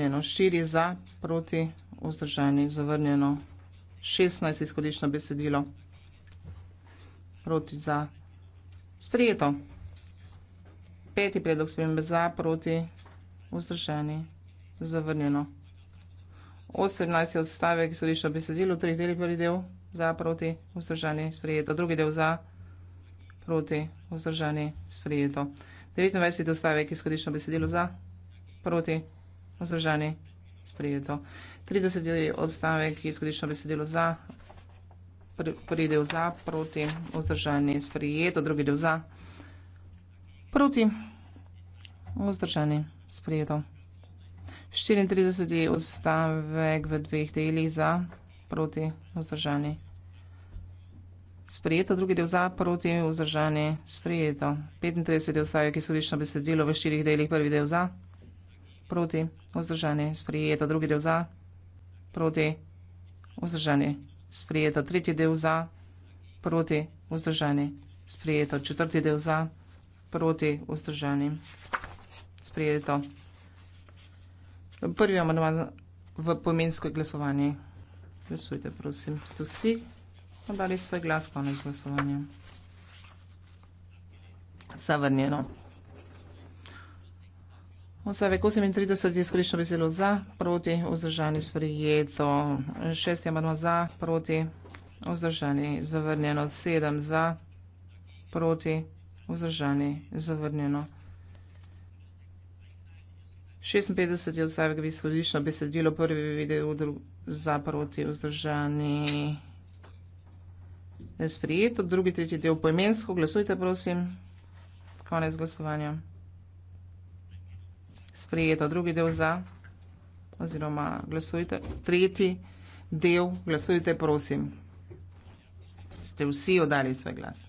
Eno štiri za, proti, vzdržani, zavrnjeno. 16 izhodično besedilo. Proti za. Sprejeto. Peti predlog spremembe za, proti, vzdržani, zavrnjeno. 18 odstavek izhodično besedilo, treh deli prvi del, za, proti, vzdržani, sprejeto. Drugi del za, proti, vzdržani, sprejeto. 29 odstavek izhodično besedilo za, proti, vzdržani, sprejeto. Vzdržani sprejeto. 30 odstavek je izhodično besedilo za, prvi del za, proti, vzdržani sprejeto, drugi del za, proti, vzdržani sprejeto. 34 odstavek v dveh delih za, proti, vzdržani sprejeto, drugi del za, proti, vzdržani sprejeto. 35 odstavek je izhodično besedilo v štirih delih, prvi del za, proti, vzdržani sprejeto. Proti. Vzdržanje. Sprijeto. Drugi del za. Proti. Vzdržanje. Sprijeto. Tretji del za. Proti. Vzdržanje. Sprijeto. Četrti del za. Proti. Vzdržanje. Sprijeto. Prvi amandma v pomensko glasovanje. Glasujte, prosim. Ste vsi podali svoj glas, konec glasovanja. Zavrnjeno. O savek 38 je skorično veselo za, proti vzdržani sprijeto, šesti amandma za, proti vzdržani zavrnjeno, sedem za, proti vzdržani zavrnjeno. 56 je odstavek izhodišno besedilo prvi video za proti vzdržani sprijeto. Drugi, tretji del poimensko. Glasujte, prosim. Konec glasovanja sprejeto. Drugi del za, oziroma glasujte. Tretji del, glasujte, prosim. Ste vsi oddali svoj glas.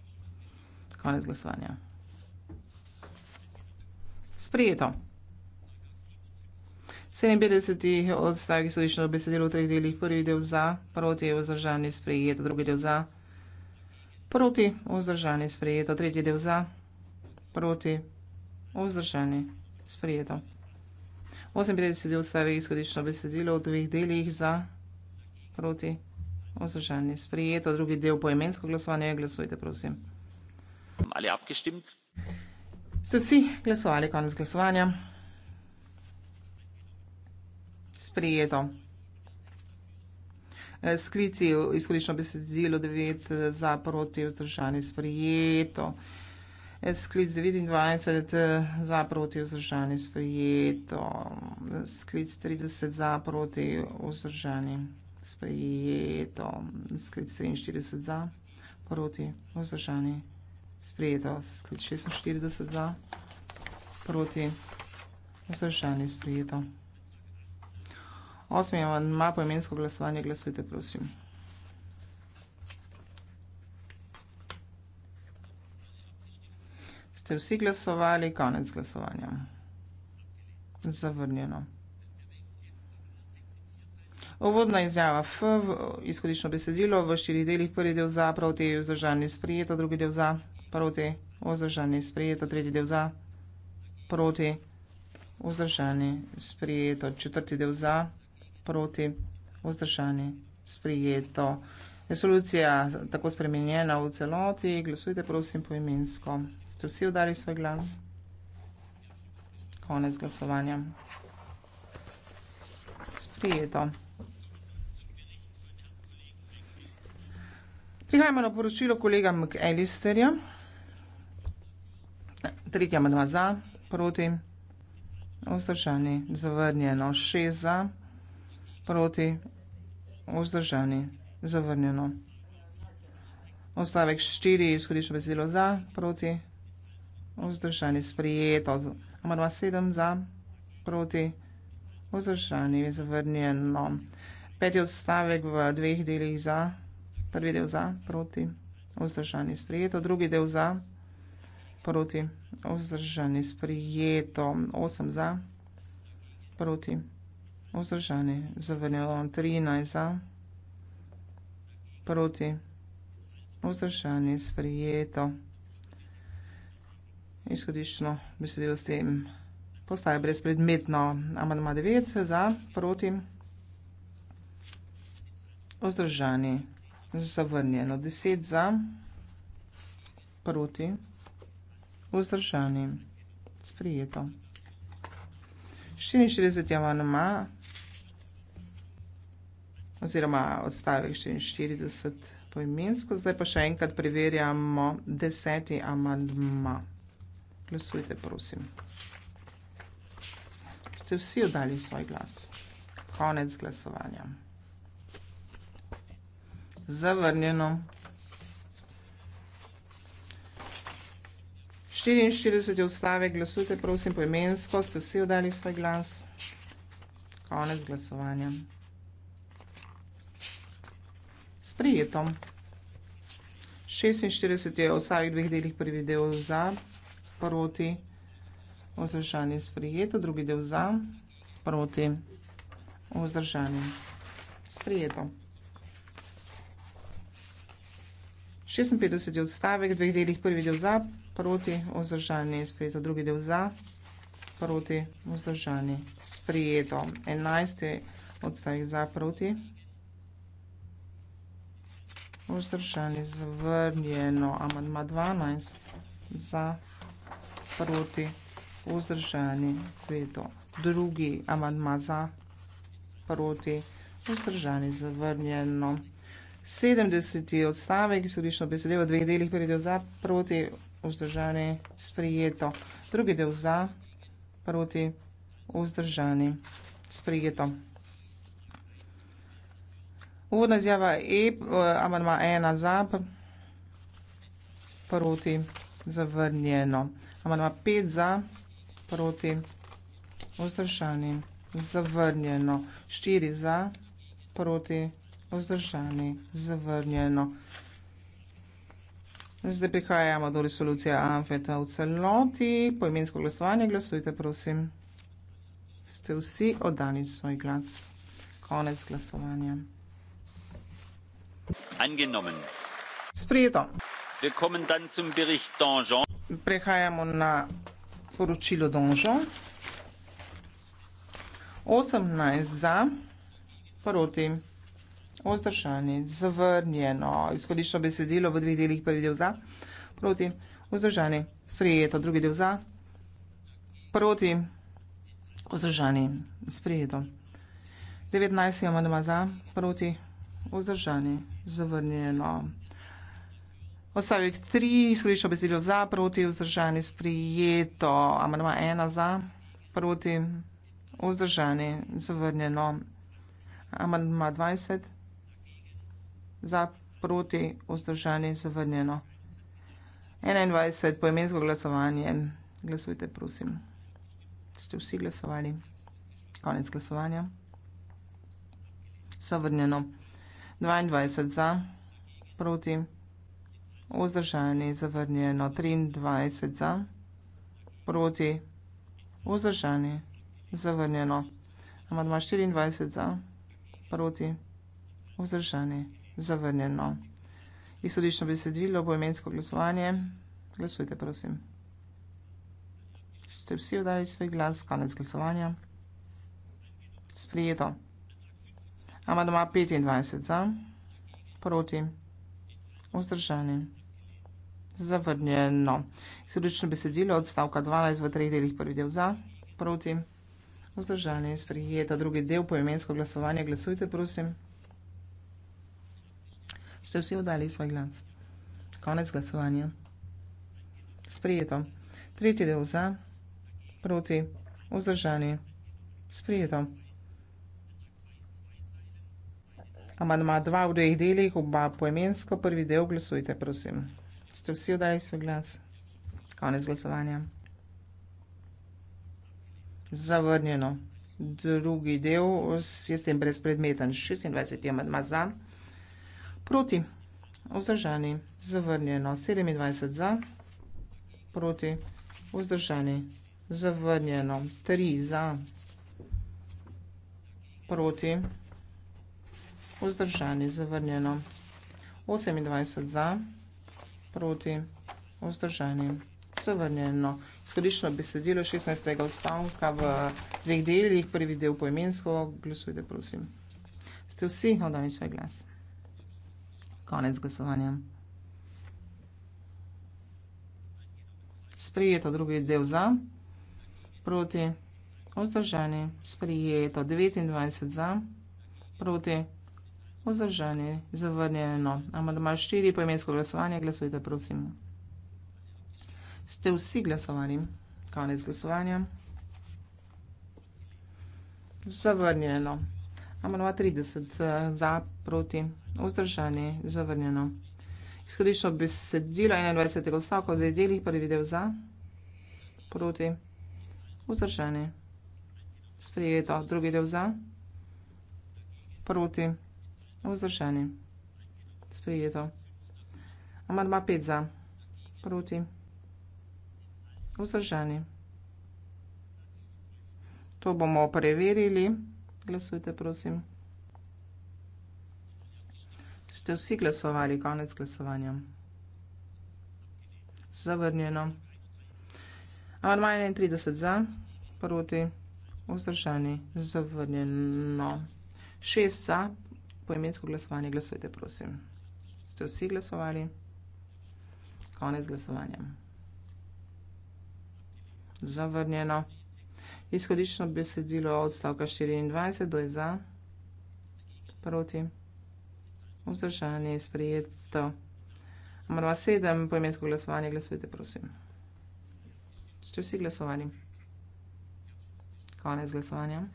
Konec glasovanja. Sprijeto. 57. odstavek je sodišče besedilo v treh delih. Prvi del za, proti je vzdržani sprejeto. Drugi del za, proti vzdržani sprejeto. Tretji del za, proti vzdržani sprejeto. 58 odstavek izhodiščno besedilo v dveh delih za proti vzdržanje. Sprijeto drugi del poimensko glasovanje. Glasujte, prosim. Ali abgestimmt? Ste vsi glasovali? Konec glasovanja. Sprijeto. Eh, sklici izhodiščno besedilo devet za proti vzdržanje. Sprijeto. Sklic 29 eh, za proti vzdržani sprejeto. Sklic 30 za proti vzdržani sprejeto. Sklic 43 za proti vzdržani sprejeto. Sklic 46 za proti vzdržani sprejeto. Osmi imam po imensko glasovanje, glasujte prosim. ste vsi glasovali, konec glasovanja. Zavrnjeno. Ovodna izjava F, izhodično besedilo, v štirih delih, prvi del za, prav te je vzdržanje sprijeto, drugi del za, proti, vzdržanje sprijeto, tretji del za, proti, vzdržanje sprijeto, četrti del za, proti, vzdržanje sprijeto. Resolucija tako spremenjena v celoti. Glasujte prosim poimensko. Ste vsi vdali svoj glas? Konec glasovanja. Sprijeto. Prihajamo na poročilo kolega McAllisterja. Tretja madma za, proti. Vzdržani, zavrnjeno. Šest za, proti. Vzdržani, zavrnjeno. Odstavek štiri, izhodišče besedilo za, proti, vzdržani, sprijeto. Amadva sedem za, proti, vzdržani, zavrnjeno. Peti odstavek v dveh delih za, prvi del za, proti, vzdržani, sprijeto. Drugi del za, proti, vzdržani, sprijeto. Osem za, proti, vzdržani, zavrnjeno. Trinaj za, proti proti vzdržanje sprijeto. Izhodiščno besedilo s tem postaje brezpredmetno. Amandma 9 za proti vzdržanje zavrnjeno. 10 za proti vzdržanje sprijeto. 44. amandma oziroma odstavek 44 poimensko. Zdaj pa še enkrat preverjamo deseti amandma. Glasujte, prosim. Ste vsi oddali svoj glas? Konec glasovanja. Zavrnjeno. 44 odstavek, glasujte, prosim, poimensko. Ste vsi oddali svoj glas? Konec glasovanja prijetom. 46 je v vsakih dveh delih prvi del za, proti, vzdržanje sprijeto, drugi del za, proti, vzdržanje sprijeto. 56 je odstavek, dveh delih prvi del za, proti, vzdržanje sprijeto, drugi del za, proti, vzdržanje sprijeto. 11 je odstavek za, proti, vzdržanje sprijeto. Vzdržani zavrnjeno. Amandma 12 za proti vzdržani veto. Drugi amandma za proti vzdržani zavrnjeno. 70. odstavek, sodišno besedilo v dveh delih, prvi del za proti vzdržani sprijeto. Drugi del za proti vzdržani sprijeto. Uvodna izjava E, eh, amandma ena za, proti zavrnjeno. Amandma pet za, proti vzdržani zavrnjeno. Štiri za, proti vzdržani zavrnjeno. Zdaj prihajamo do resolucije AMFETA v celoti. Po imensko glasovanje glasujte, prosim. Ste vsi oddali svoj glas. Konec glasovanja angenommen. Sprejeto. Willkommen dann zum Bericht Donjon. Prehajamo na poročilo Donjon. 18 za, proti, vzdržani, zavrnjeno, izhodišče besedilo v dveh delih, prvi del za, proti, vzdržani, sprejeto, drugi del za, proti, vzdržani, sprejeto. 19 imamo doma za, proti, vzdržani. Zavrnjeno. Odstavek 3, izhodišče besedilo za, proti, vzdržani, sprijeto. Amandma 1 za, proti, vzdržani, zavrnjeno. Amandma 20 za, proti, vzdržani, zavrnjeno. 21, poimensko glasovanje. Glasujte, prosim. Ste vsi glasovali? Konec glasovanja. Zavrnjeno. 22 za, proti, vzdržani, zavrnjeno, 23 za, proti, vzdržani, zavrnjeno. Amadma 24 za, proti, vzdržani, zavrnjeno. Izhodišno besedilo bo imensko glasovanje. Glasujte, prosim. Ste vsi vdali svoj glas, konec glasovanja. Sprijeto. Ampak doma 25 za, proti, vzdržani, zavrnjeno. Sredično besedilo od stavka 12 v treh delih prvi del za, proti, vzdržani, sprijeta drugi del poimensko glasovanje. Glasujte, prosim. Ste vsi vdali svoj glas. Konec glasovanja. Sprijeto. Tretji del za, proti, vzdržani, sprijeto. Amandma 2 v dveh delih, oba poemensko, prvi del glasujte, prosim. Ste vsi oddali svoj glas? Konec glasovanja. Zavrnjeno. Drugi del je s tem brezpredmeten. 26 je amandma za, proti, vzdržani, zavrnjeno. 27 za, proti, vzdržani, zavrnjeno. 3 za, proti, vzdržani vzdržani, zavrnjeno. 28 za, proti, vzdržani, zavrnjeno. Skladično besedilo 16. odstavka v dveh delih, prvi del poimensko, glasujte prosim. Ste vsi odali svoj glas? Konec glasovanja. Sprijeto drugi del za, proti, vzdržani, sprijeto 29 za, proti, vzdržani. Vzdržani, zavrnjeno. Amandma štiri, poimensko glasovanje, glasujte, prosim. Ste vsi glasovali? Konec glasovanja. Zavrnjeno. Amandma 30, eh, za, proti, vzdržani, zavrnjeno. Izhodišče besedilo 21. stavka, zdaj delih, prvi video za, proti, vzdržani. Sprejeto, drugi del za, proti, vzdržani. Воздержание. Сприето. Амадма 5 за. Против. Воздержание. To bomo preverili. Glasujte, prosim. Ste vsi glasovali, konec glasovanja. Zavrnjeno. Amarma 31 za, proti, vzdržani, zavrnjeno. 6 za, poimensko glasovanje, glasujte, prosim. Ste vsi glasovali? Konec glasovanja. Zavrnjeno. Izhodično besedilo od stavka 24, do je za, proti, vzdržanje, sprijeto. Amarva 7, poimensko glasovanje, glasujte, prosim. Ste vsi glasovali? Konec glasovanja.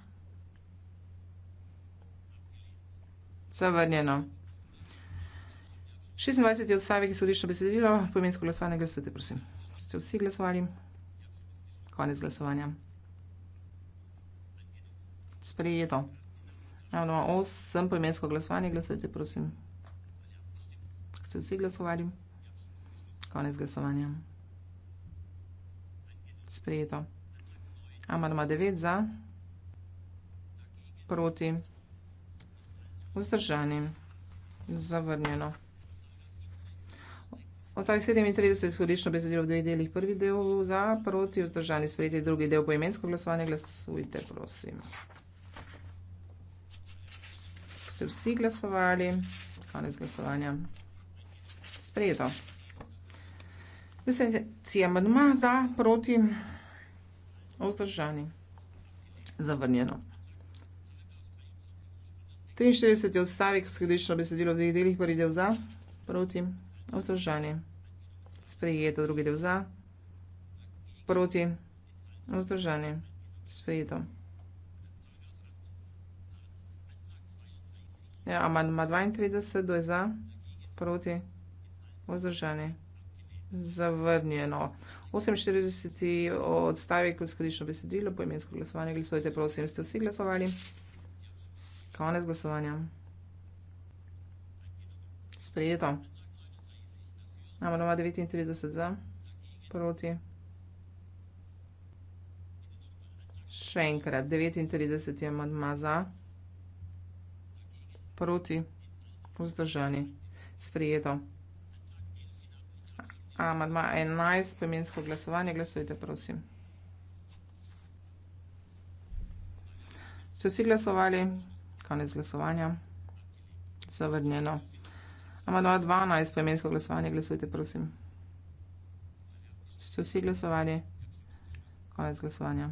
Zavrnjeno. 26. odstavek je sodišče besedilo, pomensko glasovanje glasujte, prosim. Ste vsi glasovali? Konec glasovanja. Sprejeto. Ano, osem pomensko glasovanje glasujte, prosim. Ste vsi glasovali? Konec glasovanja. Sprejeto. Amandma 9 za, proti vzdržanim. Zavrnjeno. Ostalih 37 izhodišno besedilo v dveh delih. Prvi del za, proti, vzdržani, sprejeti drugi del poimensko glasovanje. Glasujte, prosim. Ste vsi glasovali? Konec glasovanja. Sprejeto. Deseti amandma za, proti, vzdržani. Zavrnjeno. 43. odstavek, skladično besedilo v dveh delih, prvi del za, proti, vzdržanje. Sprejeto, drugi del za, proti, vzdržanje. Sprejeto. Ja, amandma 32, kdo je za, proti, vzdržanje. Zavrnjeno. 48. odstavek, skladično besedilo, poimensko glasovanje, glasujte, prosim, ste vsi glasovali. Konec glasovanja. Sprejeto. Amo doma 39 za. Proti. Še enkrat. 39 je madma za. Proti. Vzdržani. Sprijeto. Amadma 11, premijensko glasovanje, glasujte prosim. Ste vsi glasovali? Konec glasovanja. Zavrnjeno. Amadoja 12, premensko glasovanje, glasujte, prosim. Ste vsi glasovali? Konec glasovanja.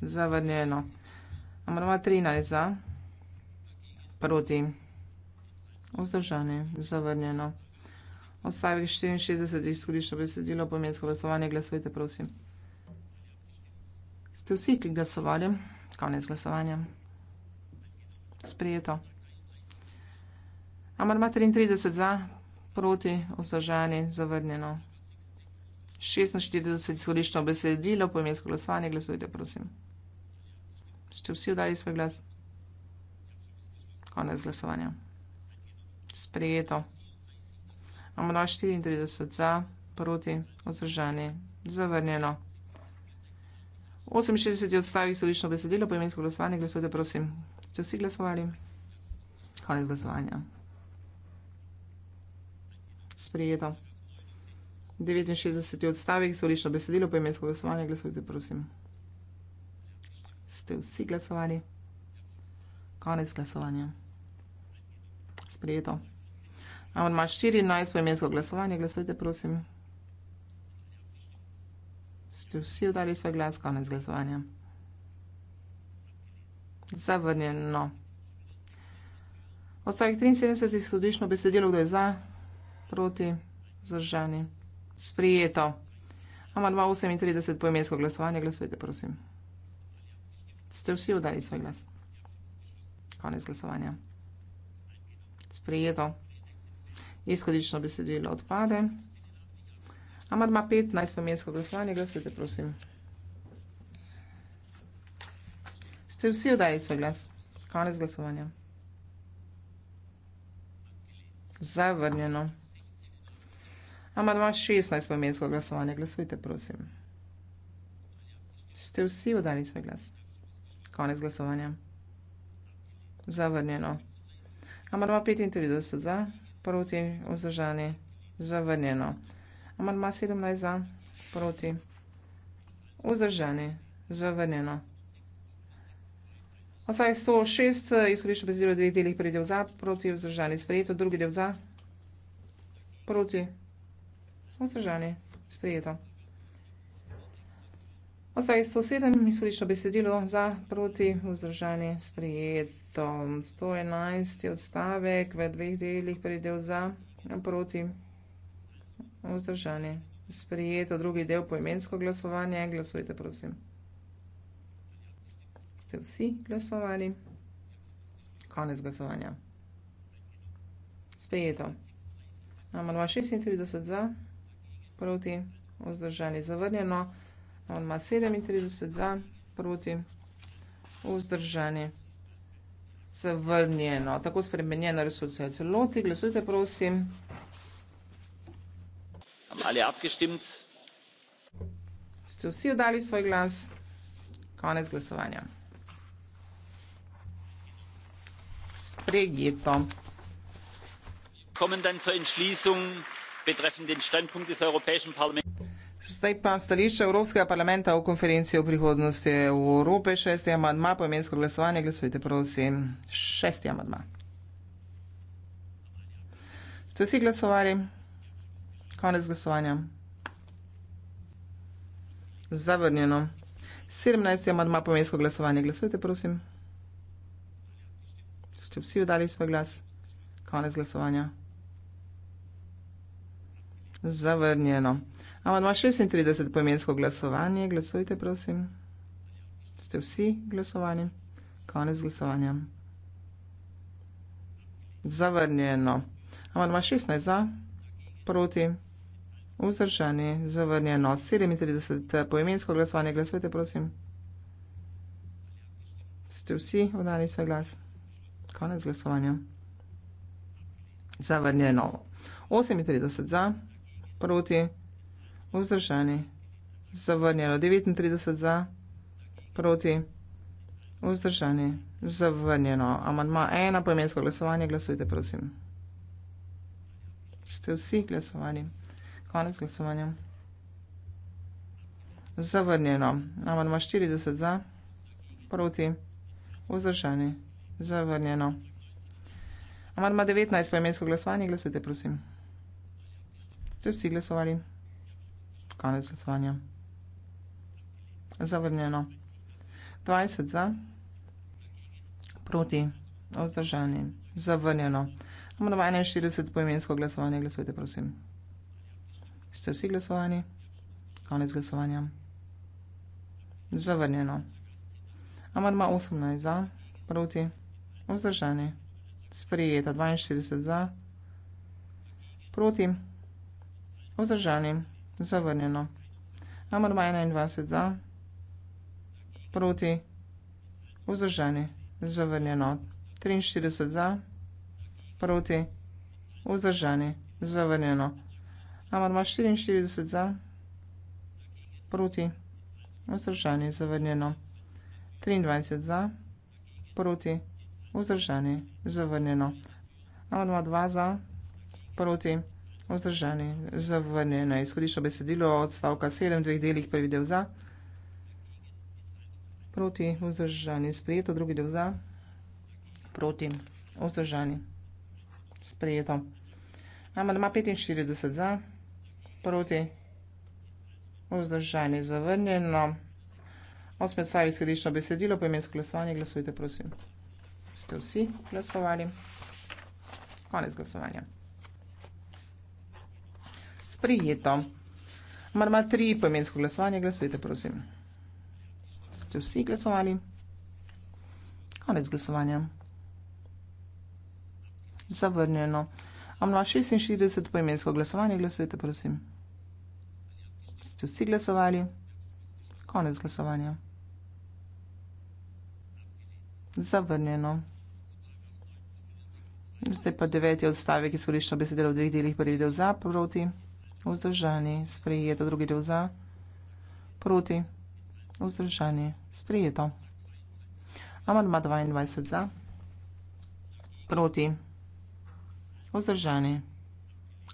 Zavrnjeno. Amadoja 13, za. Proti. Vzdržani. Zavrnjeno. Odstavek 64, izkoriščo besedilo, pomensko glasovanje, glasujte, prosim. Ste vsi, ki glasovali? Zavrnjeno. Konec glasovanja. Sprijeto. Amarma 33 za, proti, vzdržani, zavrnjeno. 46 izhodiščno besedilo, pojmensko glasovanje, glasujte, prosim. Ste vsi vdali svoj glas? Konec glasovanja. Sprijeto. Amarma 34 za, proti, vzdržani, zavrnjeno. 68 odstavih so višno besedilo, poimensko glasovanje, glasujte prosim. Ste vsi glasovali? Konec glasovanja. Sprijeto. 69 odstavih so višno besedilo, poimensko glasovanje, glasujte prosim. Ste vsi glasovali? Konec glasovanja. Sprijeto. Amor ima 14, poimensko glasovanje, glasujte prosim ste vsi dali svoj glas, konec glasovanja. Zavrnjeno. Ostalih 73 izhodišno besedilo, kdo je za, proti, zdržani. Sprijeto. Ama 238 poimensko glasovanje, glasujte, prosim. Ste vsi udali svoj glas? Konec glasovanja. Sprijeto. Izhodično besedilo odpade. Amadma 15, pomensko glasovanje, glasujte, prosim. Ste vsi oddajali svoj glas? Konec glasovanja. Zavrnjeno. Amadma 16, pomensko glasovanje, glasujte, prosim. Ste vsi oddajali svoj glas? Konec glasovanja. Zavrnjeno. Amadma 35, za, proti, vzdržani, zavrnjeno. Amandma 17 za, proti. Vzdržani, zavrnjeno. Ostaje 106, izhodišče bezdelo dveh delih predel za, proti, vzdržani, sprejeto, drugi del za, proti, vzdržani, sprejeto. Ostaje 107, izhodišče besedilo za, proti, vzdržani, sprejeto. 111 odstavek, v dveh delih predel za, proti, vzdržani vzdržani. Sprijeto drugi del poimensko glasovanje. Glasujte, prosim. Ste vsi glasovali? Konec glasovanja. Sprijeto. Amandma 36 za, proti, vzdržani, zavrnjeno. Amandma 37 za, proti, vzdržani, zavrnjeno. Tako spremenjena resolucija celoti. Glasujte, prosim alle abgestimmt? Ste vsi oddali svoj glas? Konec glasovanja. Sprejeto. Kommen dann zur Entschließung betreffend den Standpunkt des Europäischen Parlaments. Zdaj pa stališče Evropskega parlamenta o konferenciji o prihodnosti Evrope, šesti amadma, pomensko glasovanje, glasujte prosim, šesti amadma. Ste vsi glasovali? Konec glasovanja. Zavrnjeno. 17. amadma pomensko glasovanje. Glasujte, prosim. Ste vsi odali svoj glas? Konec glasovanja. Zavrnjeno. Amadma 36. pomensko glasovanje. Glasujte, prosim. Ste vsi glasovali? Konec glasovanja. Zavrnjeno. Amadma 16. za, proti. Vzdržani, zavrnjeno. 37. Eh, poimensko glasovanje. Glasujte, prosim. Ste vsi oddali svoj glas? Konec glasovanja. Zavrnjeno. 38 za, proti, vzdržani. Zavrnjeno. 39 za, proti, vzdržani. Zavrnjeno. Amandma ena, poimensko glasovanje. Glasujte, prosim. Ste vsi glasovali? Konec glasovanja. Zavrnjeno. Amandma 40 za, proti, vzdržani. Zavrnjeno. Amandma 19 pa je imensko glasovanje. Glasujte, prosim. Ste vsi glasovali? Konec glasovanja. Zavrnjeno. 20 za, proti, vzdržani. Zavrnjeno. Amandma 41 pa je imensko glasovanje. Glasujte, prosim. Ste vsi glasovani? Konec glasovanja. Zavrnjeno. Amarma 18 za, proti, vzdržani. Sprijeta 42 za, proti, vzdržani. Zavrnjeno. Amarma 21 za, proti, vzdržani. Zavrnjeno. 43 za, proti, vzdržani. Zavrnjeno. Amarma 44 za, proti, vzdržanje je zavrnjeno. 23 za, proti, vzdržanje je zavrnjeno. Amarma 2 za, proti, vzdržanje je zavrnjeno. Izhodišo besedilo odstavka 7, dveh delih, prvi del za, proti, vzdržanje je sprejeto, drugi del za, proti, vzdržanje je sprejeto. Amarma 45 za, proti, vzdržanje je sprejeto proti, vzdržani, zavrnjeno. Osme stavi skladično besedilo, poimensko glasovanje, glasujte prosim. Ste vsi glasovali? Konec glasovanja. Sprijeto. Marma tri, poimensko glasovanje, glasujte prosim. Ste vsi glasovali? Konec glasovanja. Zavrnjeno. Amla 46 po imensko glasovanje, glasujte prosim. Ste vsi glasovali? Konec glasovanja. Zavrnjeno. Zdaj pa deveti odstavek izkoriščeno besedilo v dveh delih, prvi del za, proti, vzdržani, sprejeto, drugi del za, proti, vzdržani, sprejeto. Amandma 22 za, proti, vzdržani. Vzdržani.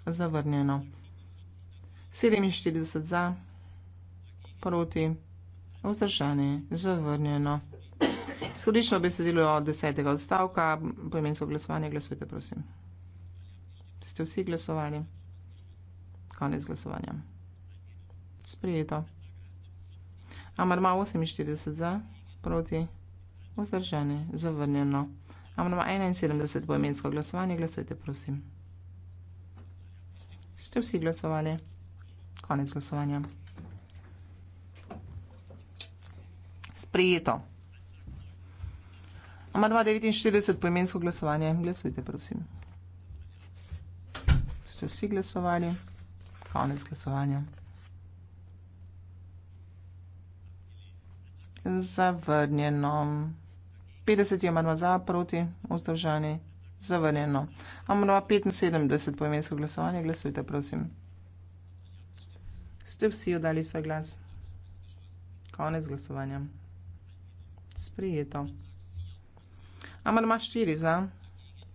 Zavrnjeno. 47 za. Proti. Vzdržani. Zavrnjeno. Skodično besedilo od desetega odstavka. Po imensko glasovanje glasujte, prosim. Ste vsi glasovali? Konec glasovanja. Sprijeto. Amar ima 48 za. Proti. Vzdržani. Zavrnjeno. Zavrnjeno. Amandma 71 bo imensko glasovanje, glasujte prosim. Ste vsi glasovali? Konec glasovanja. Sprejeto. Amandma 49 bo imensko glasovanje, glasujte prosim. Ste vsi glasovali? Konec glasovanja. Zavrnjeno. 50 je manj za, proti, vzdržani, zavrnjeno. Amor 75 poimensko glasovanje, glasujte, prosim. Ste vsi odali svoj glas? Konec glasovanja. Sprijeto. Amor 4 za,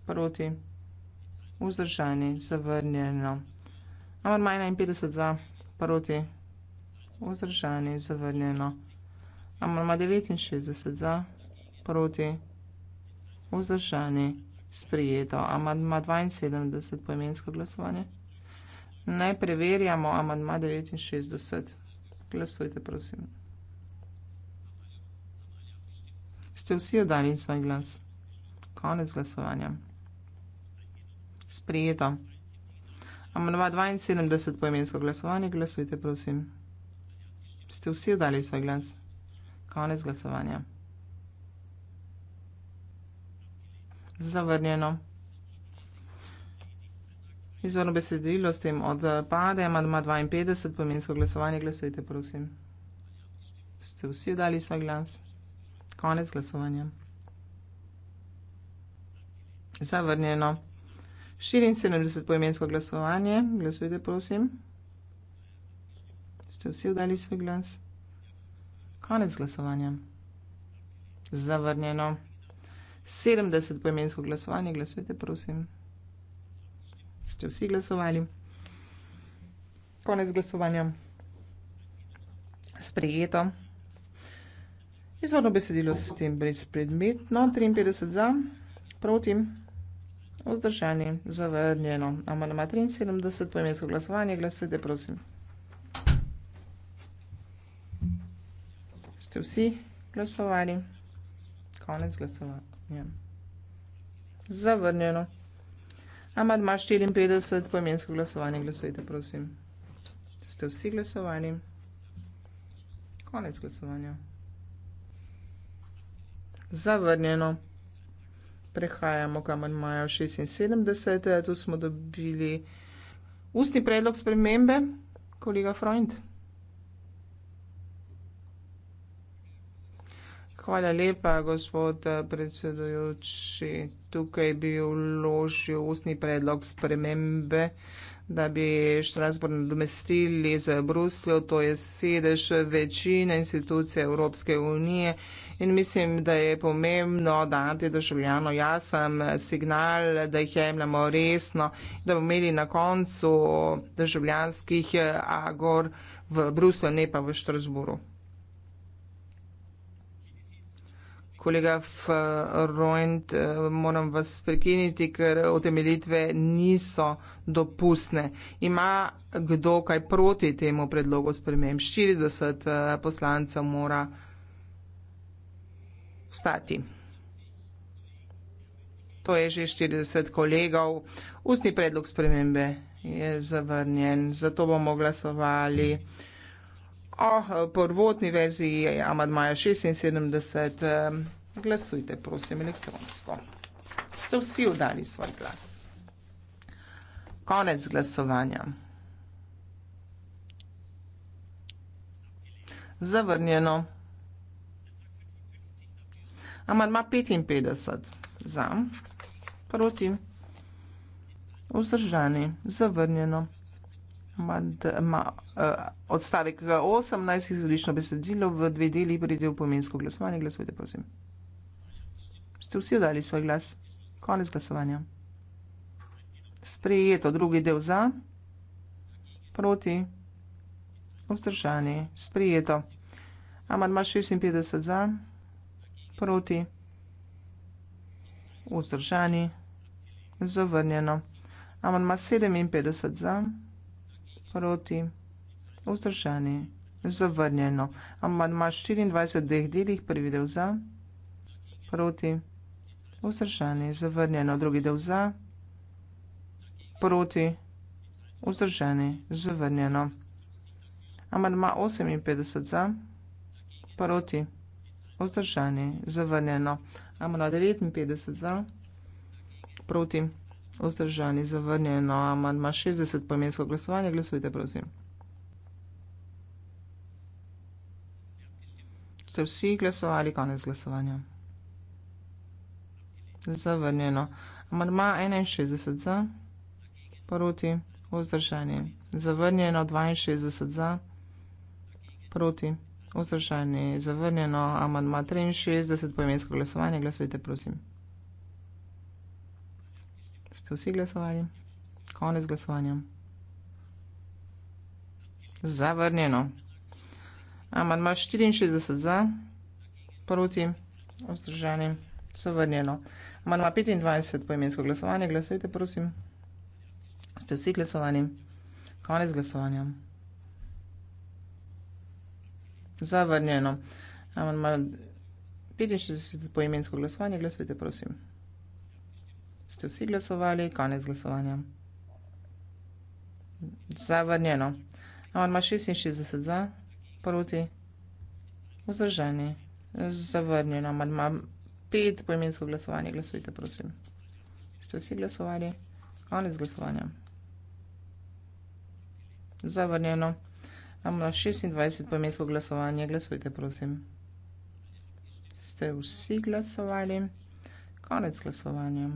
proti, vzdržani, zavrnjeno. Amor 51 za, proti, vzdržani, zavrnjeno. Amor 69 za, proti, proti vzdržani sprijeto. Amadma 72 poimensko glasovanje. Ne preverjamo amadma 69. Glasujte, prosim. Ste vsi oddali svoj glas? Konec glasovanja. Sprijeto. Amadma 72 poimensko glasovanje. Glasujte, prosim. Ste vsi oddali svoj glas? Konec glasovanja. Zavrnjeno. Izvorno besedilo s tem odpade, amadma 52, pomensko glasovanje, glasujte prosim. Ste vsi dali svoj glas? Konec glasovanja. Zavrnjeno. 74 pojemensko glasovanje, glasujte prosim. Ste vsi dali svoj glas? Konec glasovanja. Zavrnjeno. 70 poimensko glasovanje, glasujte, prosim. Ste vsi glasovali? Konec glasovanja. Sprejeto. Izvorno besedilo s tem brezpredmetno. 53 za, proti, vzdržani, zavrnjeno. Amanoma 73, poimensko glasovanje, glasujte, prosim. Ste vsi glasovali? Konec glasovanja njem. Ja. Zavrnjeno. Amad ima 54 pojemensko glasovanje. Glasujte, prosim. Ste vsi glasovali? Konec glasovanja. Zavrnjeno. Prehajamo k amadmaju 76. Tu smo dobili ustni predlog spremembe. Kolega Freund. Hvala lepa, gospod eh, predsedujoči. Tukaj bi vložil ustni predlog spremembe, da bi Štrasburg nadomestili z Bruslju, to je sedež večine institucije Evropske unije in mislim, da je pomembno dati državljano jasen eh, signal, da jih jemljamo resno, da bomo imeli na koncu eh, državljanskih agor v Bruslju, ne pa v Štrasburu. Kolega Freund, eh, moram vas prekiniti, ker utemeljitve niso dopustne. Ima kdo kaj proti temu predlogu spremem? 40 eh, poslancev mora vstati. To je že 40 kolegov. Ustni predlog spremembe je zavrnjen, zato bomo glasovali. Hmm o prvotni verziji amadmaja 76 glasujte prosim elektronsko. Ste vsi vdali svoj glas. Konec glasovanja. Zavrnjeno. Amadma 55 za, proti, vzdržani, zavrnjeno. E, odstavek 18 izvodično besedilo v dve deli pride v pomensko glasovanje. Glasujte, prosim. Ste vsi odali svoj glas? Konec glasovanja. Sprejeto drugi del za, proti, vzdržani, sprejeto. Amadma 56 za, proti, vzdržani, zavrnjeno. Amadma 57 za, proti, vzdržani proti, vzdržani, zavrnjeno. Amandma 24 dveh delih, prvi del za, proti, vzdržani, zavrnjeno, drugi del za, proti, vzdržani, zavrnjeno. Amandma 58 za, proti, vzdržani, zavrnjeno. Amandma 59 za, proti, vzdržani, zavrnjeno. Vzdržani zavrnjeno. Amandma 60 pomensko glasovanje. Glasujte, prosim. Ste vsi glasovali konec glasovanja? Zavrnjeno. Amandma 61 za. Proti. Vzdržani. Zavrnjeno. 62 za. Proti. Vzdržani. Zavrnjeno. Amandma 63 pomensko glasovanje. Glasujte, prosim. Ste vsi glasovali? Konec glasovanja. Zavrnjeno. Amandma 64 za, proti, vzdržani, zavrnjeno. Amandma 25 po imensko glasovanje, glasujte prosim. Ste vsi glasovali? Konec glasovanja. Zavrnjeno. Amandma 65 po imensko glasovanje, glasujte prosim. Ste vsi glasovali? Konec glasovanja. Zavrnjeno. Amandma 66 za, proti, vzdržani, zavrnjeno. Amandma 5, poimensko glasovanje, glasujte prosim. Ste vsi glasovali? Konec glasovanja. Zavrnjeno. Amandma 26, poimensko glasovanje, glasujte prosim. Ste vsi glasovali? Konec glasovanja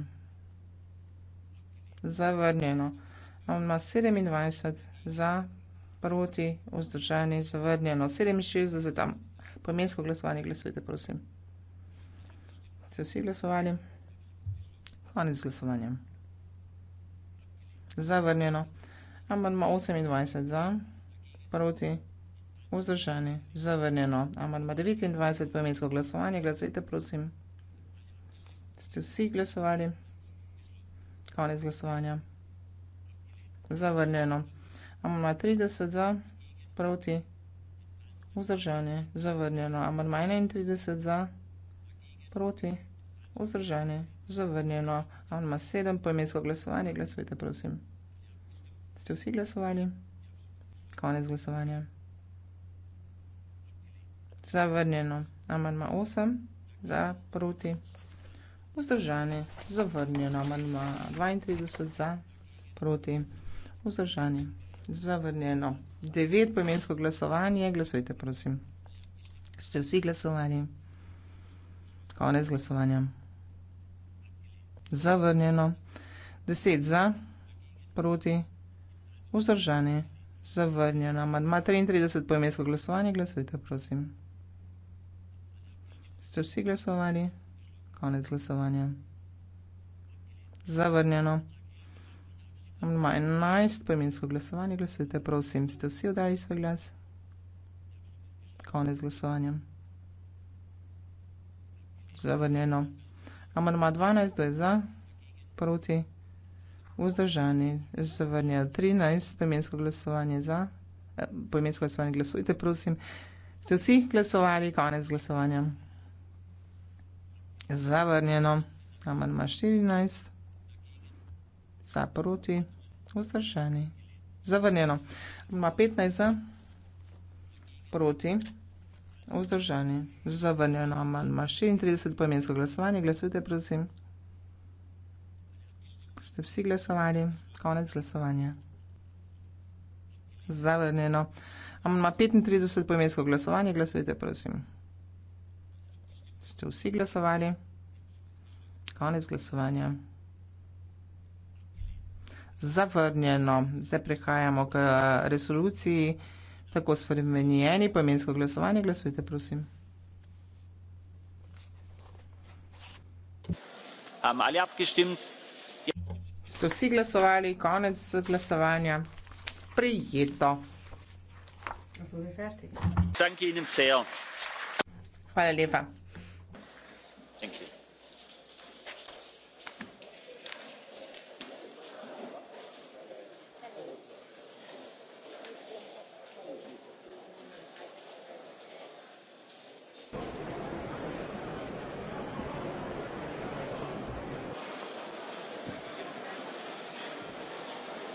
zavrnjeno. Amma 27 za, proti, vzdržani, zavrnjeno. 67 tam. Pomensko glasovanje glasujte, prosim. Se vsi glasovali? Konec glasovanja. Zavrnjeno. Amma 28 za, proti, vzdržani, zavrnjeno. Amma 29 pomensko glasovanje glasujte, prosim. Ste vsi glasovali? Konec glasovanja. Zavrnjeno. Amandma 30 za, proti, vzdržanje. Zavrnjeno. Amandma 31 za, proti, vzdržanje. Zavrnjeno. Amandma 7, poimensko glasovanje. Glasujte, prosim. Ste vsi glasovali? Konec glasovanja. Zavrnjeno. Amandma 8 za, proti, vzdržanje vzdržani, zavrnjeno amandma 32 za, proti, vzdržani, zavrnjeno. Devet pomensko glasovanje, glasujte prosim. Ste vsi glasovali? Konec glasovanja. Zavrnjeno. Deset za, proti, vzdržani, zavrnjeno. Amandma 33 pomensko glasovanje, glasujte prosim. Ste vsi glasovali? Konec glasovanja. Zavrnjeno. Amma 11, poimensko glasovanje, glasujte prosim. Ste vsi oddali svoj glas? Konec glasovanja. Zavrnjeno. Amma 12, kdo je za? Proti? Vzdržani. Zavrnjeno. 13, poimensko glasovanje za? Eh, poimensko glasovanje, glasujte prosim. Ste vsi glasovali? Konec glasovanja. Zavrnjeno. Amandma 14. Za proti. Vzdržani. Zavrnjeno. Amandma 15. Za proti. Vzdržani. Zavrnjeno. Amandma 34. Pojemensko glasovanje. Glasujte, prosim. Ste vsi glasovali? Konec glasovanja. Zavrnjeno. Amandma 35. Pojemensko glasovanje. Glasujte, prosim ste vsi glasovali. Konec glasovanja. Zavrnjeno. Zdaj prehajamo k resoluciji, tako spremenjeni, pojmensko glasovanje. Glasujte, prosim. Ste vsi glasovali, konec glasovanja. Sprejeto. Hvala lepa thank you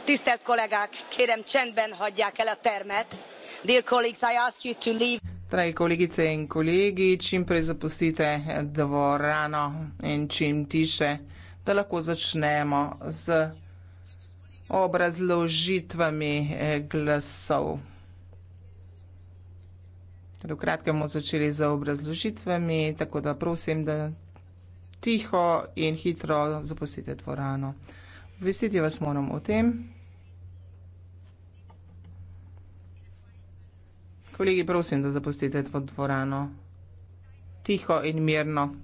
tisztelt kollégák kérem csendben hagyják el a termet dear colleagues i ask you to leave. Dragi kolegice in kolegi, čim prej zapustite dvorano in čim tiše, da lahko začnemo z obrazložitvami eh, glasov. Torej, v kratkem bomo začeli z obrazložitvami, tako da prosim, da tiho in hitro zapustite dvorano. Vesiti vas moram o tem. Kolegi, prosim, da zapustite to dvorano. Tiho in mirno.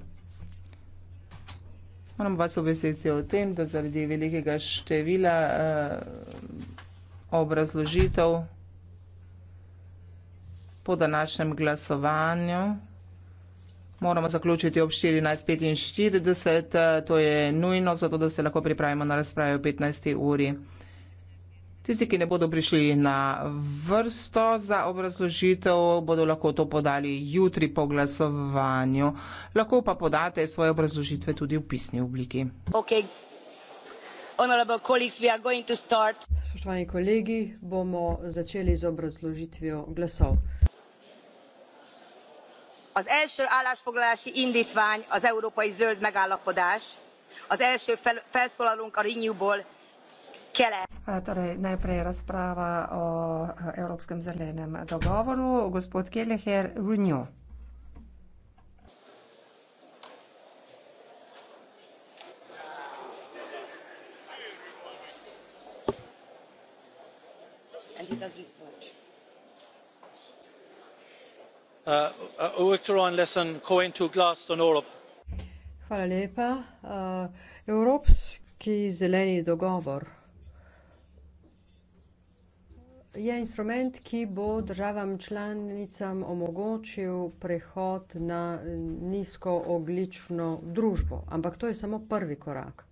Moram vas obvestiti o tem, da zaradi velikega števila eh, obrazložitev po današnjem glasovanju moramo zaključiti ob 14.45, eh, to je nujno, zato da se lahko pripravimo na razpravo o 15. uri. Tisti, ki ne bodo prišli na vrsto za obrazložitev, bodo lahko to podali jutri po glasovanju. Lahko pa podate svoje obrazložitve tudi v pisni obliki. Okay. Spoštovani kolegi, bomo začeli z obrazložitvijo glasov. Az első állásfoglalási indítvány az európai zöld megállapodás. Az első fel, felszólalunk a Renewból Kele. Torej, najprej razprava o eh, Evropskem zelenem dogovoru. Gospod Keleher, Renew. Uh, uh, Hvala lepa. Uh, Evropski zeleni dogovor je instrument, ki bo državam članicam omogočil prehod na nizkooglično družbo. Ampak to je samo prvi korak.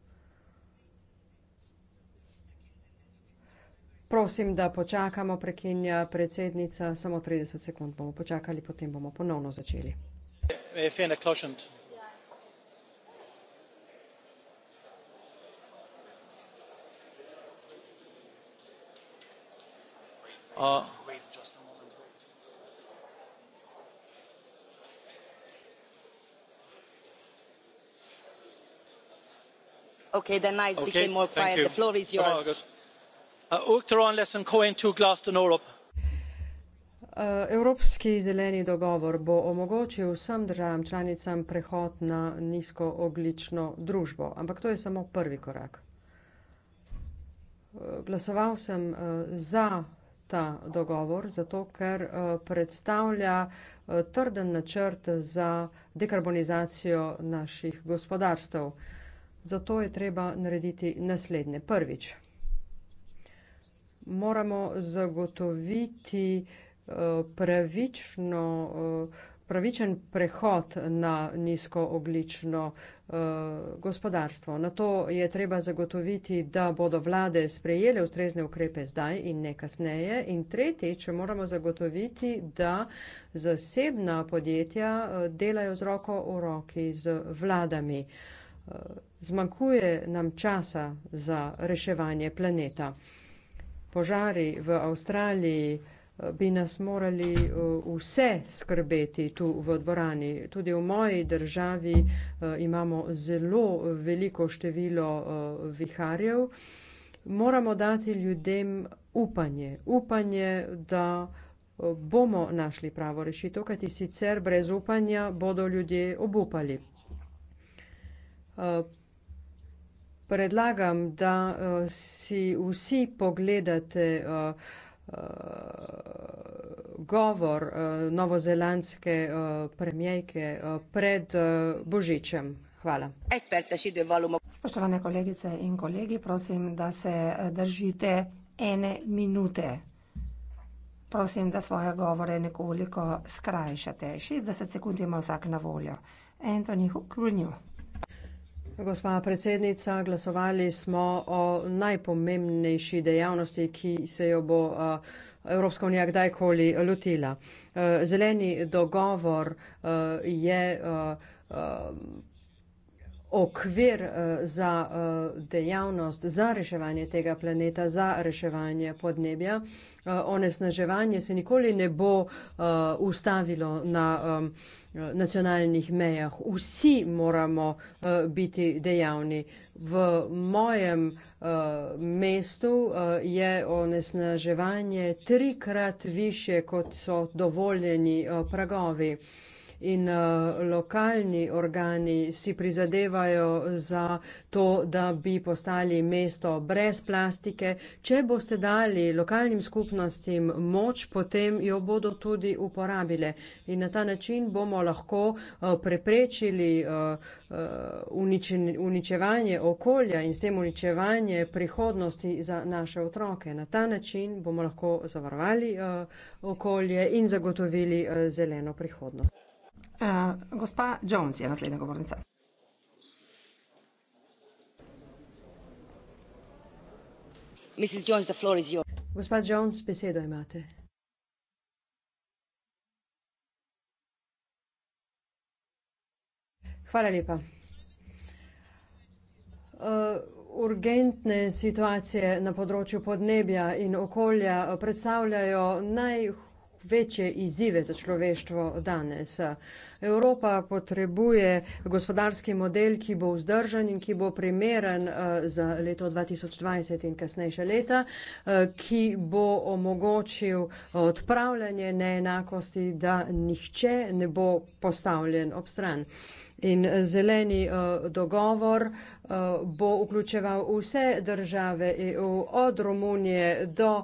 Prosim, da počakamo, prekinja predsednica, samo 30 sekund bomo počakali, potem bomo ponovno začeli. evropski zeleni dogovor bo omogočil vsem državam članicam prehod na nizkoogljično družbo ampak to je samo prvi korak glasoval sem za ta dogovor, zato ker eh, predstavlja eh, trden načrt za dekarbonizacijo naših gospodarstv. Zato je treba narediti naslednje. Prvič, moramo zagotoviti eh, pravično pravičen prehod na nizkooglično eh, gospodarstvo. Na to je treba zagotoviti, da bodo vlade sprejele ustrezne ukrepe zdaj in ne kasneje. In tretjič, moramo zagotoviti, da zasebna podjetja eh, delajo z roko v roki z vladami. Eh, zmanjkuje nam časa za reševanje planeta. Požari v Avstraliji, bi nas morali eh, vse skrbeti tu v dvorani. Tudi v moji državi eh, imamo zelo veliko število eh, viharjev. Moramo dati ljudem upanje, upanje, da bomo našli pravo rešitev, kajti sicer brez upanja bodo ljudje obupali. Predlagam, da si vsi pogledate Eh, govor uh, novozelandske uh, eh, premijejke uh, pred uh, Božičem. Hvala. Spoštovane kolegice in kolegi, prosim, da se držite ene minute. Prosim, da svoje govore nekoliko skrajšate. 60 sekund ima vsak na voljo. Anthony Hook, Renew. Gospa predsednica, glasovali smo o najpomembnejši dejavnosti, ki se jo bo Evropska unija kdajkoli lotila. Zeleni dogovor je okvir eh, za eh, dejavnost, za reševanje tega planeta, za reševanje podnebja. Eh, onesnaževanje se nikoli ne bo ustavilo na nacionalnih mejah. Vsi moramo biti dejavni. V mojem mestu je onesnaževanje trikrat više, kot so dovoljeni pragovi in eh, lokalni organi si prizadevajo za to, da bi postali mesto brez plastike. Če boste dali lokalnim skupnostim moč, potem jo bodo tudi uporabile in na ta način bomo lahko eh, preprečili eh, uničevanje okolja in s tem uničevanje prihodnosti za naše otroke. Na ta način bomo lahko zavarovali okolje in zagotovili zeleno prihodnost. Eh, gospa Jones je naslednja govornica. Mrs. Jones, the floor is yours. Gospa Jones, besedo imate. Hvala lepa. Uh, urgentne situacije na področju podnebja in okolja eh, predstavljajo najhujše večje izzive za človeštvo danes. Evropa potrebuje gospodarski model, ki bo vzdržan in ki bo primeren eh, za leto 2020 in kasnejše leta, eh, ki bo omogočil odpravljanje neenakosti, da nihče ne bo postavljen ob stran. In eh, zeleni dogovor bo vključeval vse države EU od Romunije do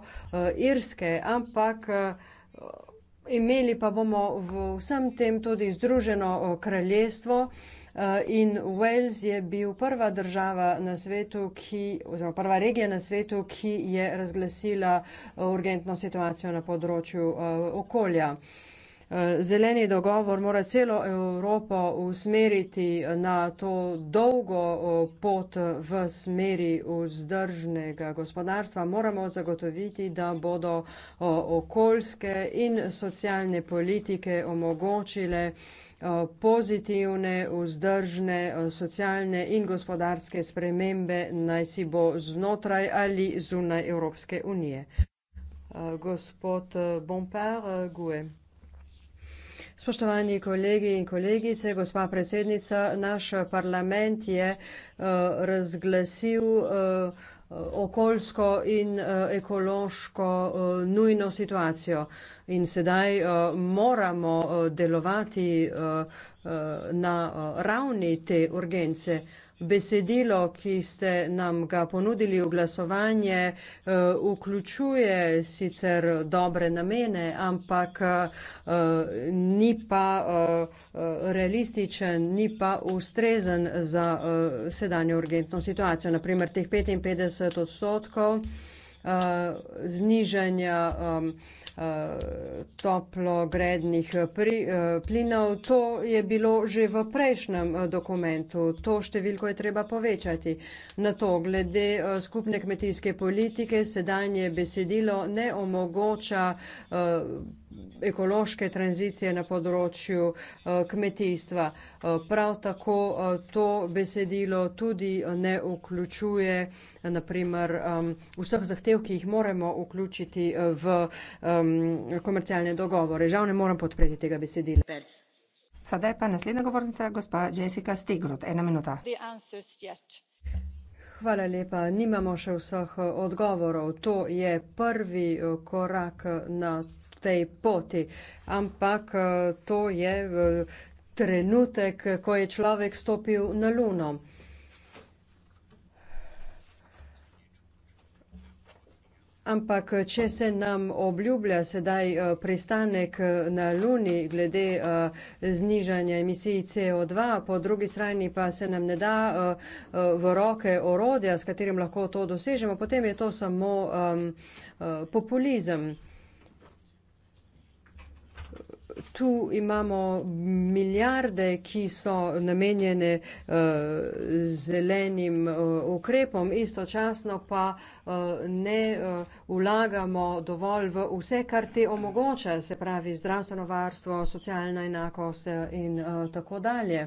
Irske, ampak Imeli pa bomo v vsem tem tudi združeno eh, kraljestvo eh, in Wales je bil prva država na svetu, ki, oziroma prva regija na svetu, ki je razglasila eh, urgentno situacijo na področju okolja. Zeleni dogovor mora celo Evropo usmeriti na to dolgo pot v smeri vzdržnega gospodarstva. Moramo zagotoviti, da bodo okoljske in socialne politike omogočile pozitivne, vzdržne, socialne in gospodarske spremembe, naj si bo znotraj ali zunaj Evropske unije. Gospod Bompard, Gue. Spoštovani kolegi in kolegice, gospa predsednica, naš parlament je eh, razglasil eh, okoljsko in eh, ekološko nujno situacijo. In sedaj moramo delovati na ravni te urgence besedilo, ki ste nam ga ponudili v glasovanje, eh, vključuje sicer dobre namene, ampak eh, ni pa eh, realističen, ni pa ustrezen za sedanjo urgentno situacijo. Naprimer, teh 55 odstotkov Eh, znižanja um, toplogrednih pri, eh, plinov. To je bilo že v prejšnjem dokumentu. To številko je treba povečati. Na to, glede skupne kmetijske politike, sedanje besedilo ne omogoča uh, ekološke tranzicije na področju eh, kmetijstva. Eh, prav tako eh, to besedilo tudi ne vključuje naprimer vseh zahtev, ki jih moramo vključiti v komercialne dogovore. Žal ne moram podpreti tega besedila. Sedaj pa naslednja govornica, gospa Jessica Stigrod. Ena minuta. Hvala lepa. Nimamo še vseh odgovorov. To je prvi korak na tej poti, ampak eh, to je eh, trenutek, ko je človek stopil na luno. Ampak, če se nam obljublja sedaj eh, pristanek na Luni glede znižanja emisij CO2, po drugi strani pa se nam ne da v roke orodja, s katerim lahko to dosežemo, potem je to samo populizem tu imamo milijarde, ki so namenjene uh, zelenim uh, ukrepom, istočasno pa uh, ne uh, vlagamo dovolj v vse, kar te omogoča, se pravi zdravstveno varstvo, socialna enakost in uh, tako dalje.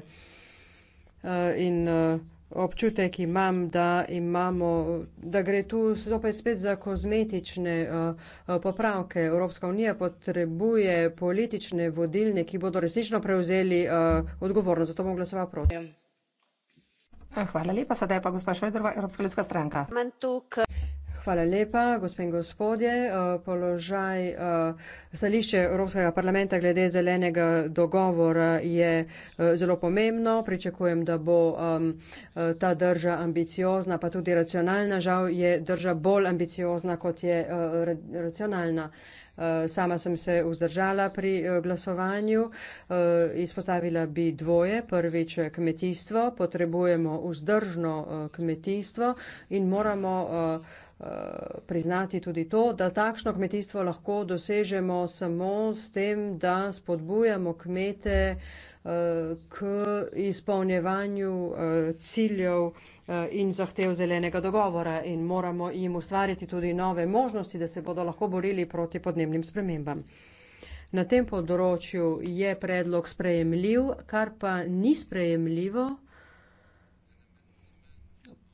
Uh, in, uh, občutek imam, da imamo, da gre tu zopet spet za kozmetične uh, popravke. Evropska unija potrebuje politične vodilne, ki bodo resnično prevzeli uh, odgovornost. Zato bom glasoval proti. Hvala lepa, sedaj pa gospa Šojdrova, Evropska ljudska stranka. Manj tukaj. Hvala lepa, gospod in gospodje. Eh, položaj eh, stališče Evropskega parlamenta glede zelenega dogovora je eh, zelo pomembno. Pričakujem, da bo ta drža ambiciozna, pa tudi racionalna. Žal je drža bolj ambiciozna, kot je racionalna. Sama sem se vzdržala pri glasovanju. Izpostavila bi dvoje. Prvič kmetijstvo. Potrebujemo vzdržno kmetijstvo in moramo Eh, priznati tudi to, da takšno kmetijstvo lahko dosežemo samo s tem, da spodbujamo kmete eh, k izpolnjevanju eh, ciljev in zahtev zelenega dogovora in moramo jim ustvariti tudi nove možnosti, da se bodo lahko borili proti podnebnim spremembam. Na tem področju je predlog sprejemljiv, kar pa ni sprejemljivo,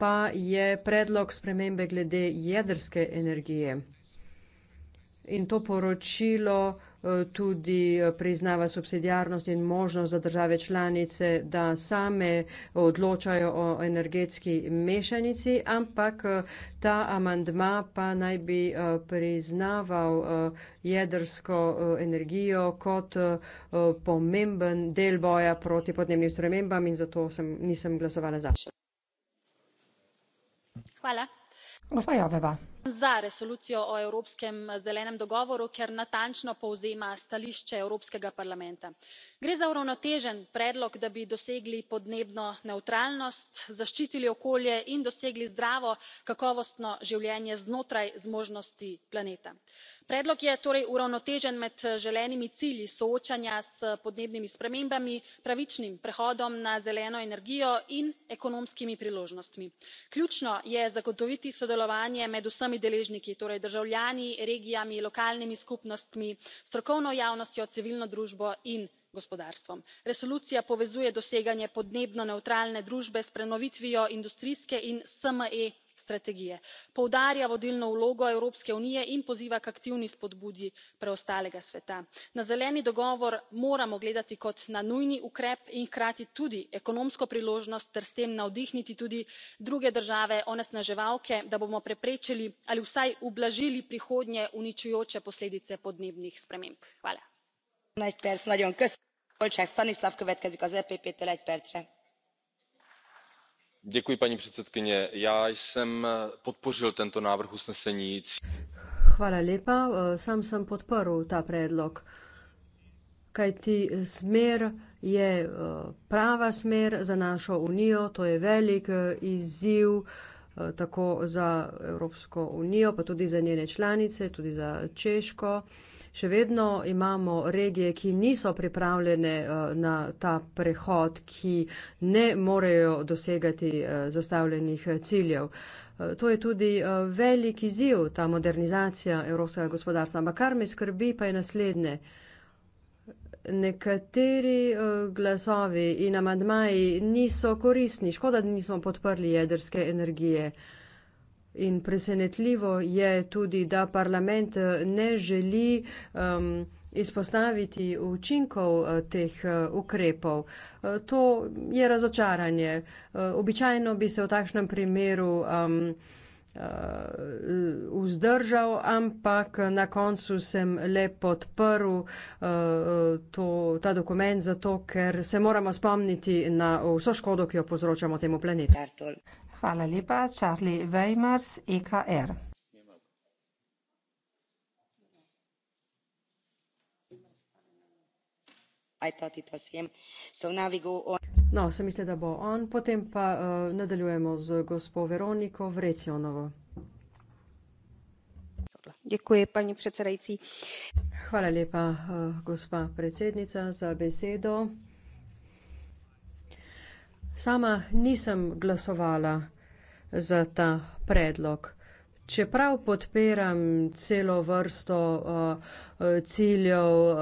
pa je predlog spremembe glede jedrske energije. In to poročilo eh, tudi eh, priznava subsidijarnost in možnost za države članice, da same odločajo o energetski mešanici, ampak eh, ta amandma pa naj bi priznaval jedrsko energijo kot pomemben del boja proti podnebnim spremembam in zato sem, nisem glasovala za gospa jourová za resolucijo o evropskem zelenem dogovoru ker natančno povzema stališče evropskega parlamenta. gre za uravnotežen predlog da bi dosegli podnebno nevtralnost zaščitili okolje in dosegli zdravo kakovostno življenje znotraj zmožnosti planeta. predlog je torej uravnotežen med želenimi cilji soočanja s podnebnimi spremembami pravičnim prehodom na zeleno energijo in ekonomskimi priložnostmi. ključno je zagotoviti sodelovanje med vsemi vsemi deležniki torej državljani regijami lokalnimi skupnostmi strokovno javnostjo civilno družbo in mednarodno javnostjo gospodarstvom. resolucija povezuje doseganje podnebno nevtralne družbe s prenovitvijo industrijske in sme strategije poudarja vodilno vlogo evropske unije in poziva k aktivni spodbudi preostalega sveta. na zeleni dogovor moramo gledati kot na nujni ukrep in hkrati tudi ekonomsko priložnost ter s tem navdihniti tudi druge države onesnaževalke da bomo preprečili ali vsaj ublažili prihodnje uničujoče posledice podnebnih sprememb. E paní předsedající já jsem eh, podpořil tento návrh usnesení. Eh, sám jsem podporil ta predlog kajti smer je eh, prava smer za našo unijo to je velik izziv tako za evropsko unijo pa tudi za njene članice tudi za češko še vedno imamo regije, ki niso pripravljene eh, na ta prehod, ki ne morejo dosegati eh, zastavljenih eh, ciljev. To je tudi veliki ziv, ta modernizacija evropskega gospodarstva. Ampak kar me skrbi, pa je naslednje. Nekateri glasovi in amadmaji niso korisni. Škoda, da nismo podprli jedrske energije. In presenetljivo je tudi, da parlament eh, ne želi um, izpostaviti učinkov eh, teh eh, ukrepov. To je razočaranje. Običajno bi se v takšnem primeru um, vzdržal, ampak na koncu sem le podprl to, ta dokument zato, ker se moramo spomniti na vso škodo, ki jo povzročamo temu planetu. Hvala lepa. Charlie Weimers, EKR. No, sem mislila, da bo on, potem pa uh, nadaljujemo z gospo Veroniko Vrecionovo. Hvala lepa, uh, gospa predsednica, za besedo. Sama nisem glasovala za ta predlog. Čeprav podpiram celo vrsto uh, ciljev, uh,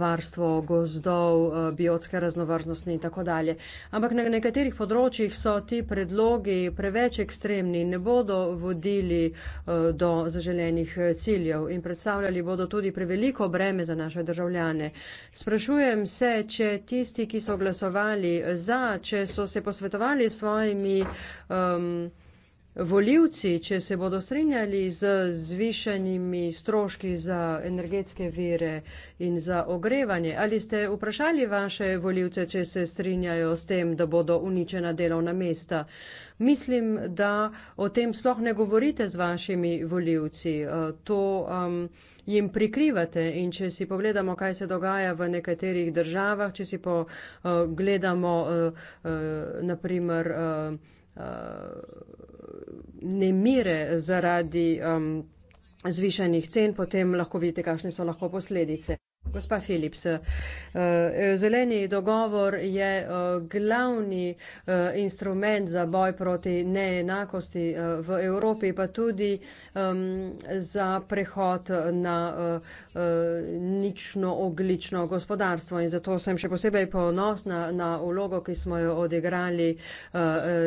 varstvo gozdov, uh, biotske raznovrstnosti in tako dalje. Ampak na nekaterih področjih so ti predlogi preveč ekstremni in ne bodo vodili uh, do zaželenih ciljev in predstavljali bodo tudi preveliko breme za naše državljane. Sprašujem se, če tisti, ki so glasovali za, če so se posvetovali s svojimi. Um, Voljivci, če se bodo strinjali z zvišenimi stroški za energetske vire in za ogrevanje, ali ste vprašali vaše voljivce, če se strinjajo s tem, da bodo uničena delovna mesta? Mislim, da o tem sploh ne govorite z vašimi voljivci. Eh, to um, jim prikrivate in če si pogledamo, kaj se dogaja v nekaterih državah, če si pogledamo eh, uh, eh, uh, naprimer. Uh, nemire zaradi um, zvišenih cen, potem lahko vidite, kakšne so lahko posledice. Gospa Philips, eh, eh, zeleni dogovor je eh, glavni instrument za boj proti neenakosti v Evropi, pa tudi ehm, za prehod na nično oglično gospodarstvo. In zato sem še posebej ponosna na ulogo, ki smo jo odigrali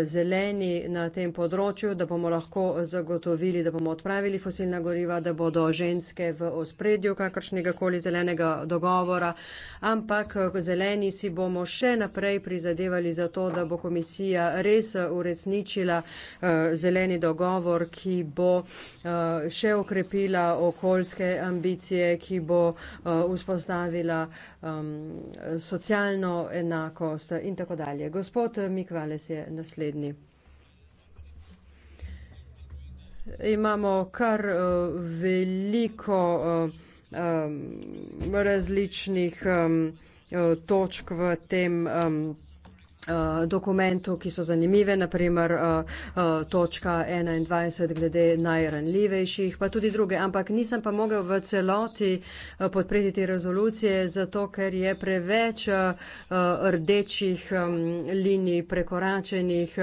zeleni na tem področju, da bomo lahko zagotovili, da bomo odpravili fosilna goriva, da bodo ženske v ospredju kakršnega koli zelenega tega dogovora, ampak zeleni si bomo še naprej prizadevali za to, da bo komisija res uresničila eh, zeleni dogovor, ki bo eh, še okrepila okoljske ambicije, ki bo eh, vzpostavila socialno enakost in tako dalje. Gospod Mikvales je naslednji. Imamo kar veliko um, različnih um, eh, točk v tem um, Eh, dokumentu, ki so zanimive, naprimer eh, eh, točka 21 glede najranljivejših, pa tudi druge. Ampak nisem pa mogel v celoti podpreti te rezolucije, zato ker je preveč rdečih linij prekoračenih.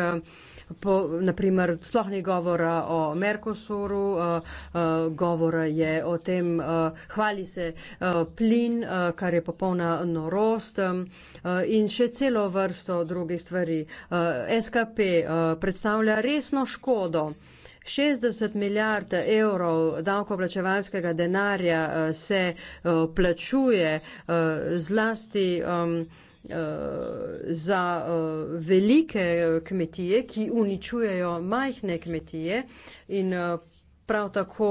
Po, naprimer, sploh ni govora o Merkosuru, uh, uh, govora je o tem, uh, hvali se uh, plin, uh, kar je popolna norost um, uh, in še celo vrsto drugih stvari. Uh, eh, SKP uh, eh, predstavlja resno škodo. 60 milijard evrov davkoplačevalskega denarja uh, se uh, plačuje uh, zlasti. Um, za velike kmetije, ki uničujejo majhne kmetije in prav tako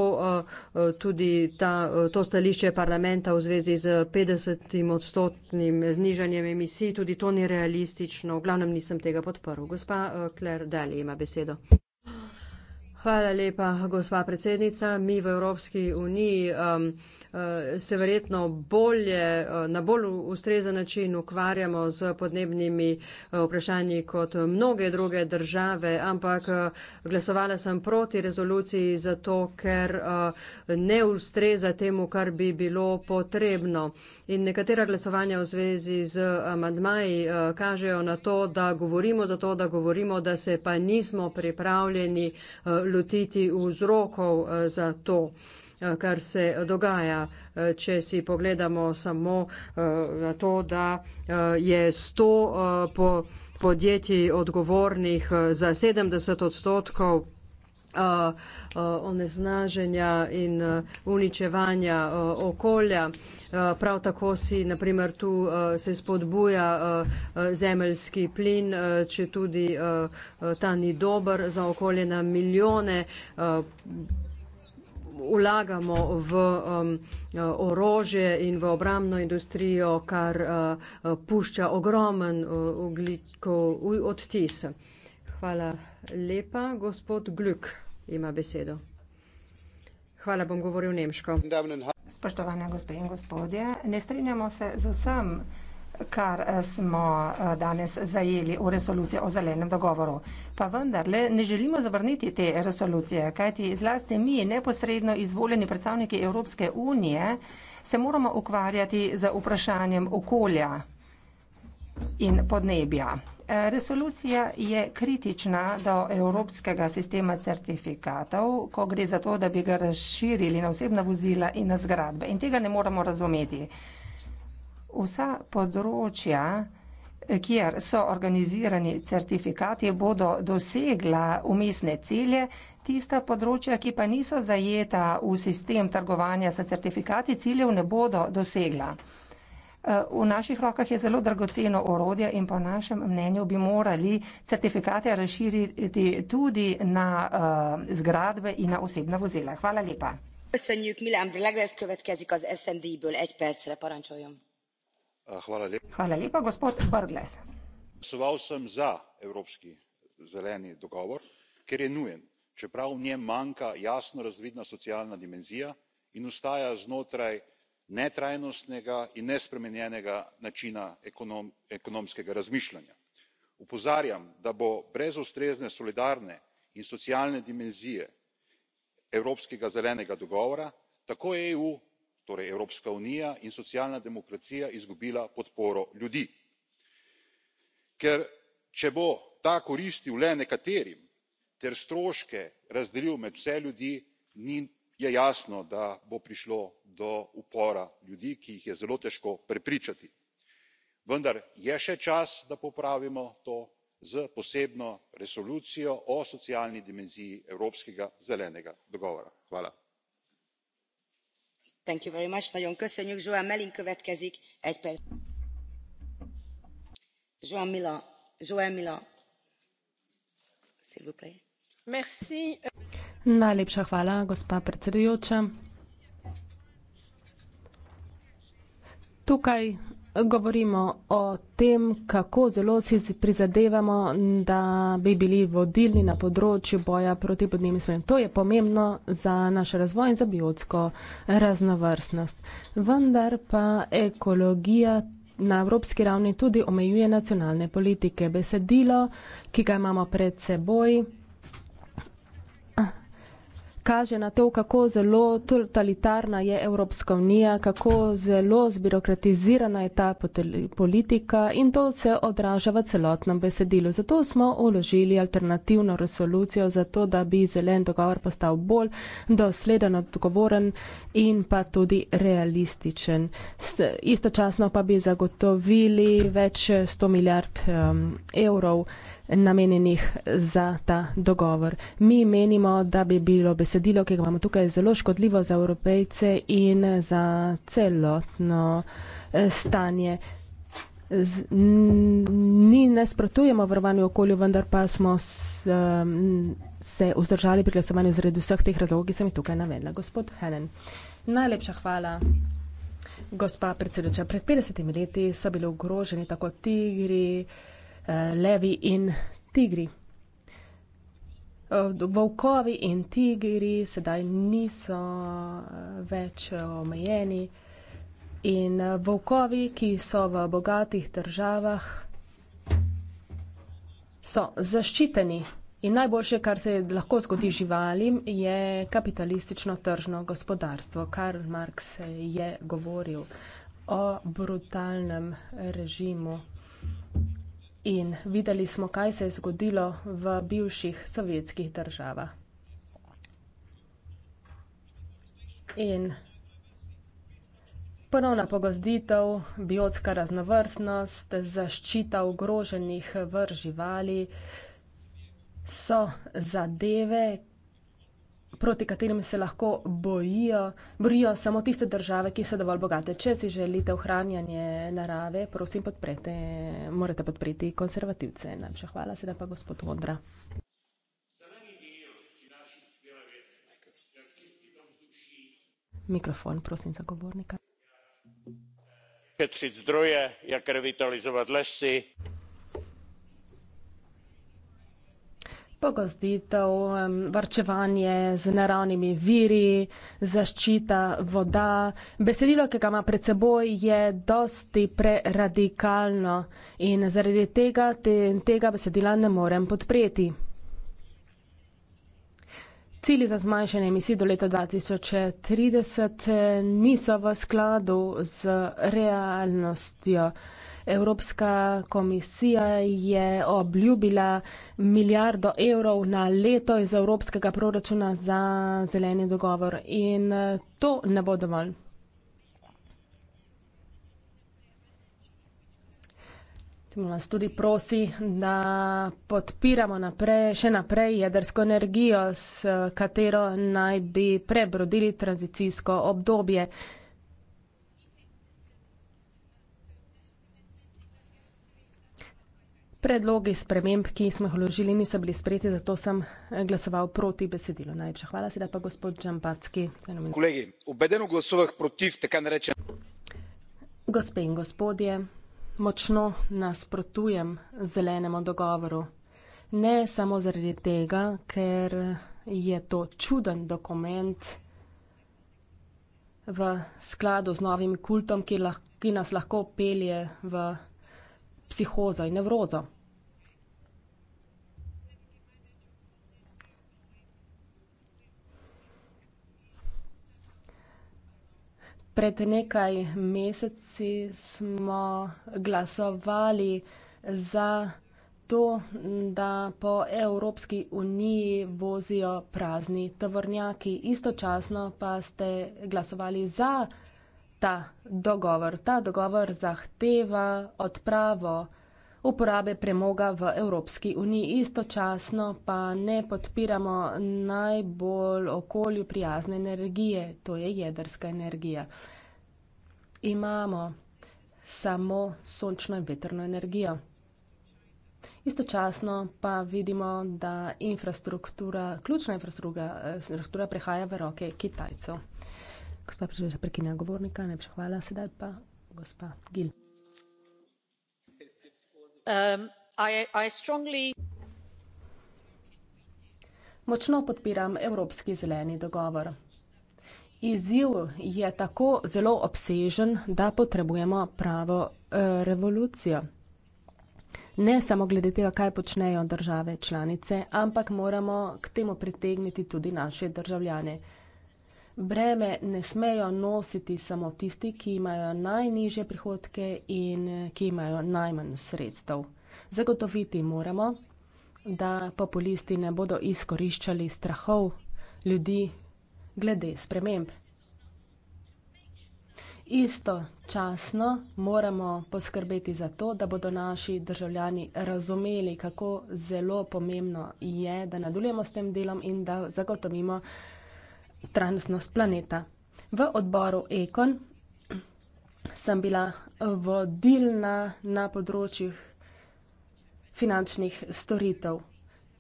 eh, eh, tudi ta, eh, to stališče parlamenta v zvezi z 50 odstotnim znižanjem emisij, tudi to ni realistično. V glavnem nisem tega podporil. Gospa Kler Dali ima besedo. Hvala lepa, gospa predsednica. Mi v Evropski uniji um, uh, se verjetno bolje, uh, na bolj ustrezen način ukvarjamo z podnebnimi uh, vprašanji kot mnoge druge države, ampak glasovala sem proti rezoluciji zato, ker ne ustreza temu, kar bi bilo potrebno. In nekatera glasovanja v zvezi z amadmaji kažejo na to, da govorimo zato, da govorimo, da se pa nismo pripravljeni lotiti vzrokov eh, za to eh, kar se dogaja, eh, če si pogledamo samo na to, da je 100 podjetij odgovornih za 70 odstotkov oneznaženja in uničevanja okolja. Prav tako si, naprimer, tu se spodbuja zemeljski plin, če tudi ta ni dober za okolje na milijone vlagamo v um, orožje in v obramno industrijo, kar uh, pušča ogromen uh, ugljikov odtis. Hvala lepa, gospod Glück ima besedo. Hvala, bom govoril nemško. Spoštovane gospe in gospodje, ne strinjamo se z vsem, kar eh, smo eh, danes zajeli v resoluciji o zelenem dogovoru. Pa vendar, le ne želimo zavrniti te resolucije, kajti zlasti mi, neposredno izvoljeni predstavniki Evropske unije, se moramo ukvarjati z vprašanjem okolja in podnebja. Resolucija je kritična do evropskega sistema certifikatov, ko gre za to, da bi ga razširili na osebna vozila in na zgradbe. In tega ne moramo razumeti. Vsa področja, kjer so organizirani certifikati, bodo dosegla umestne cilje, tista področja, ki pa niso zajeta v sistem trgovanja s certifikati, ciljev ne bodo dosegla v naših rokah je zelo dragoceno orodje in po našem mnenju bi morali certifikate razširiti tudi na eh, zgradbe in na osebna vozila. Hvala lepa. Eh, hvala lepa. Gospod Brglez. Glasoval sem za evropski zeleni dogovor, ker je nujen, čeprav v njem manjka jasno razvidna socialna dimenzija in ostaja znotraj netrajnostnega in nespremenjenega načina ekonomskega razmišljanja. opozarjam da bo brez ustrezne solidarne in socialne dimenzije evropskega zelenega dogovora tako eu torej evropska unija in socialna demokracija izgubila podporo ljudi. ker če bo ta koristil le nekaterim ter stroške razdelil med vse ljudi ni je jasno da bo prišlo do upora ljudi ki jih je zelo težko prepričati. vendar je še čas da popravimo to s posebno resolucijo o socialni dimenziji evropskega zelenega dogovora. hvala. Najlepša hvala, gospa predsedujoča. Tukaj govorimo o tem, kako zelo si prizadevamo, da bi bili vodilni na področju boja proti podnebnim spremembam. To je pomembno za naš razvoj in za biotsko raznovrstnost. Vendar pa ekologija na evropski ravni tudi omejuje nacionalne politike. Besedilo, ki ga imamo pred seboj, kaže na to, kako zelo totalitarna je Evropska unija, kako zelo zbirokratizirana je ta politika in to se odraža v celotnem besedilu. Zato smo uložili alternativno resolucijo, zato da bi zelen dogovor postal bolj dosleden, odgovoren in pa tudi realističen. Istočasno pa bi zagotovili več 100 milijard um, evrov namenjenih za ta dogovor. Mi menimo, da bi bilo besedilo, ki ga imamo tukaj, zelo škodljivo za evropejce in za celotno eh, stanje. Z, ni nasprotujemo vrvanju okolju, vendar pa smo s, m, se vzdržali pri glasovanju zaradi vseh teh razlogov, ki sem jih tukaj navedla. Gospod Helen, najlepša hvala. Gospa predsedujoča, pred 50 leti so bili ogroženi tako tigri, eh, levi in tigri. Volkovi in tigri sedaj niso eh, več eh, omejeni in eh, volkovi, ki so v bogatih državah, so zaščiteni. In najboljše, kar se lahko zgodi živalim, je kapitalistično tržno gospodarstvo. Karl Marx je govoril o brutalnem režimu in videli smo, kaj se je zgodilo v bivših sovjetskih državah. In ponovna pogozditev, biotska raznovrstnost, zaščita ogroženih vrst živali so zadeve, proti katerim se lahko bojijo, borijo samo tiste države, ki so dovolj bogate. Če si želite ohranjanje narave, prosim, podprete, morate podpreti konservativce. Najlepša hvala, sedaj pa gospod Vondra. Mikrofon, prosim, za govornika. Šetriti zdroje, jak revitalizovati lesy. pogozditev, varčevanje z naravnimi viri, zaščita voda. Besedilo, ki ga ima pred seboj, je dosti preradikalno in zaradi tega te, tega besedila ne morem podpreti. Cilji za zmanjšanje emisij do leta 2030 eh, niso v skladu z realnostjo. Evropska komisija je obljubila milijardo evrov na leto iz evropskega proračuna za zeleni dogovor in eh, to ne bo dovolj. Vas tudi prosi, da podpiramo naprej, še naprej jedrsko energijo, s katero naj bi prebrodili tranzicijsko obdobje. Predlogi sprememb, ki smo jih vložili, niso bili spreti, zato sem eh, glasoval proti besedilu. Najlepša hvala, sedaj pa gospod Džambacki. Kolegi, obeden v glasovah proti, tako ne rečem. Gospe in gospodje, močno nasprotujem zelenemu dogovoru. Ne samo zaradi tega, ker je to čuden dokument v skladu z novim kultom, ki, lah, ki nas lahko pelje v psihozo in nevrozo. Pred nekaj meseci smo glasovali za to, da po Evropski uniji vozijo prazni tovornjaki, istočasno pa ste glasovali za ta dogovor. Ta dogovor zahteva odpravo uporabe premoga v Evropski uniji, istočasno pa ne podpiramo najbolj okolju prijazne energije, to je jedrska energija. Imamo samo sončno in vetrno energijo. Istočasno pa vidimo, da infrastruktura, ključna infrastruktura, eh, infrastruktura prehaja v roke Kitajcev. Gospa predsednica, prekinja govornika, najlepša hvala. Sedaj pa gospa Gill. Um, Močno podpiram evropski zeleni dogovor. Izziv je tako zelo obsežen, da potrebujemo pravo eh, revolucijo. Ne samo glede tega, kaj počnejo države članice, ampak moramo k temu pritegniti tudi naše državljane breme ne smejo nositi samo tisti, ki imajo najnižje prihodke in ki imajo najmanj sredstev. Zagotoviti moramo, da populisti ne bodo izkoriščali strahov ljudi glede sprememb. Istočasno moramo poskrbeti za to, da bodo naši državljani razumeli, kako zelo pomembno je, da nadaljujemo s tem delom in da zagotovimo Transnost planeta. V odboru Ekon sem bila vodilna na področjih finančnih storitev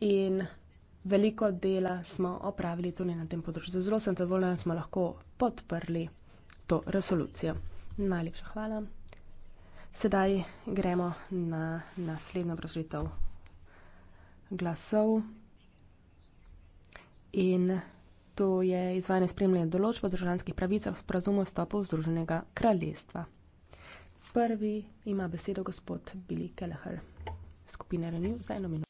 in veliko dela smo opravili tudi na tem področju. Zelo sem zadovoljna, da smo lahko podprli to resolucijo. Najlepša hvala. Sedaj gremo na naslednjo obrazložitev glasov in kontekstu je izvajanje spremljanja določb o državljanskih pravicah v sporazumu stopov Združenega kraljestva. Prvi ima besedo gospod Billy Kelleher. Skupina Renew za eno minuto.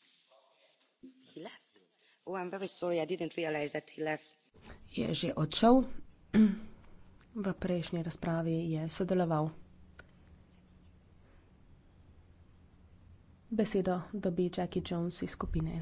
Oh, I'm very sorry, I didn't realize that he left. Je že odšel. V prejšnji razpravi je sodeloval. Besedo dobi Jackie Jones iz skupine S2.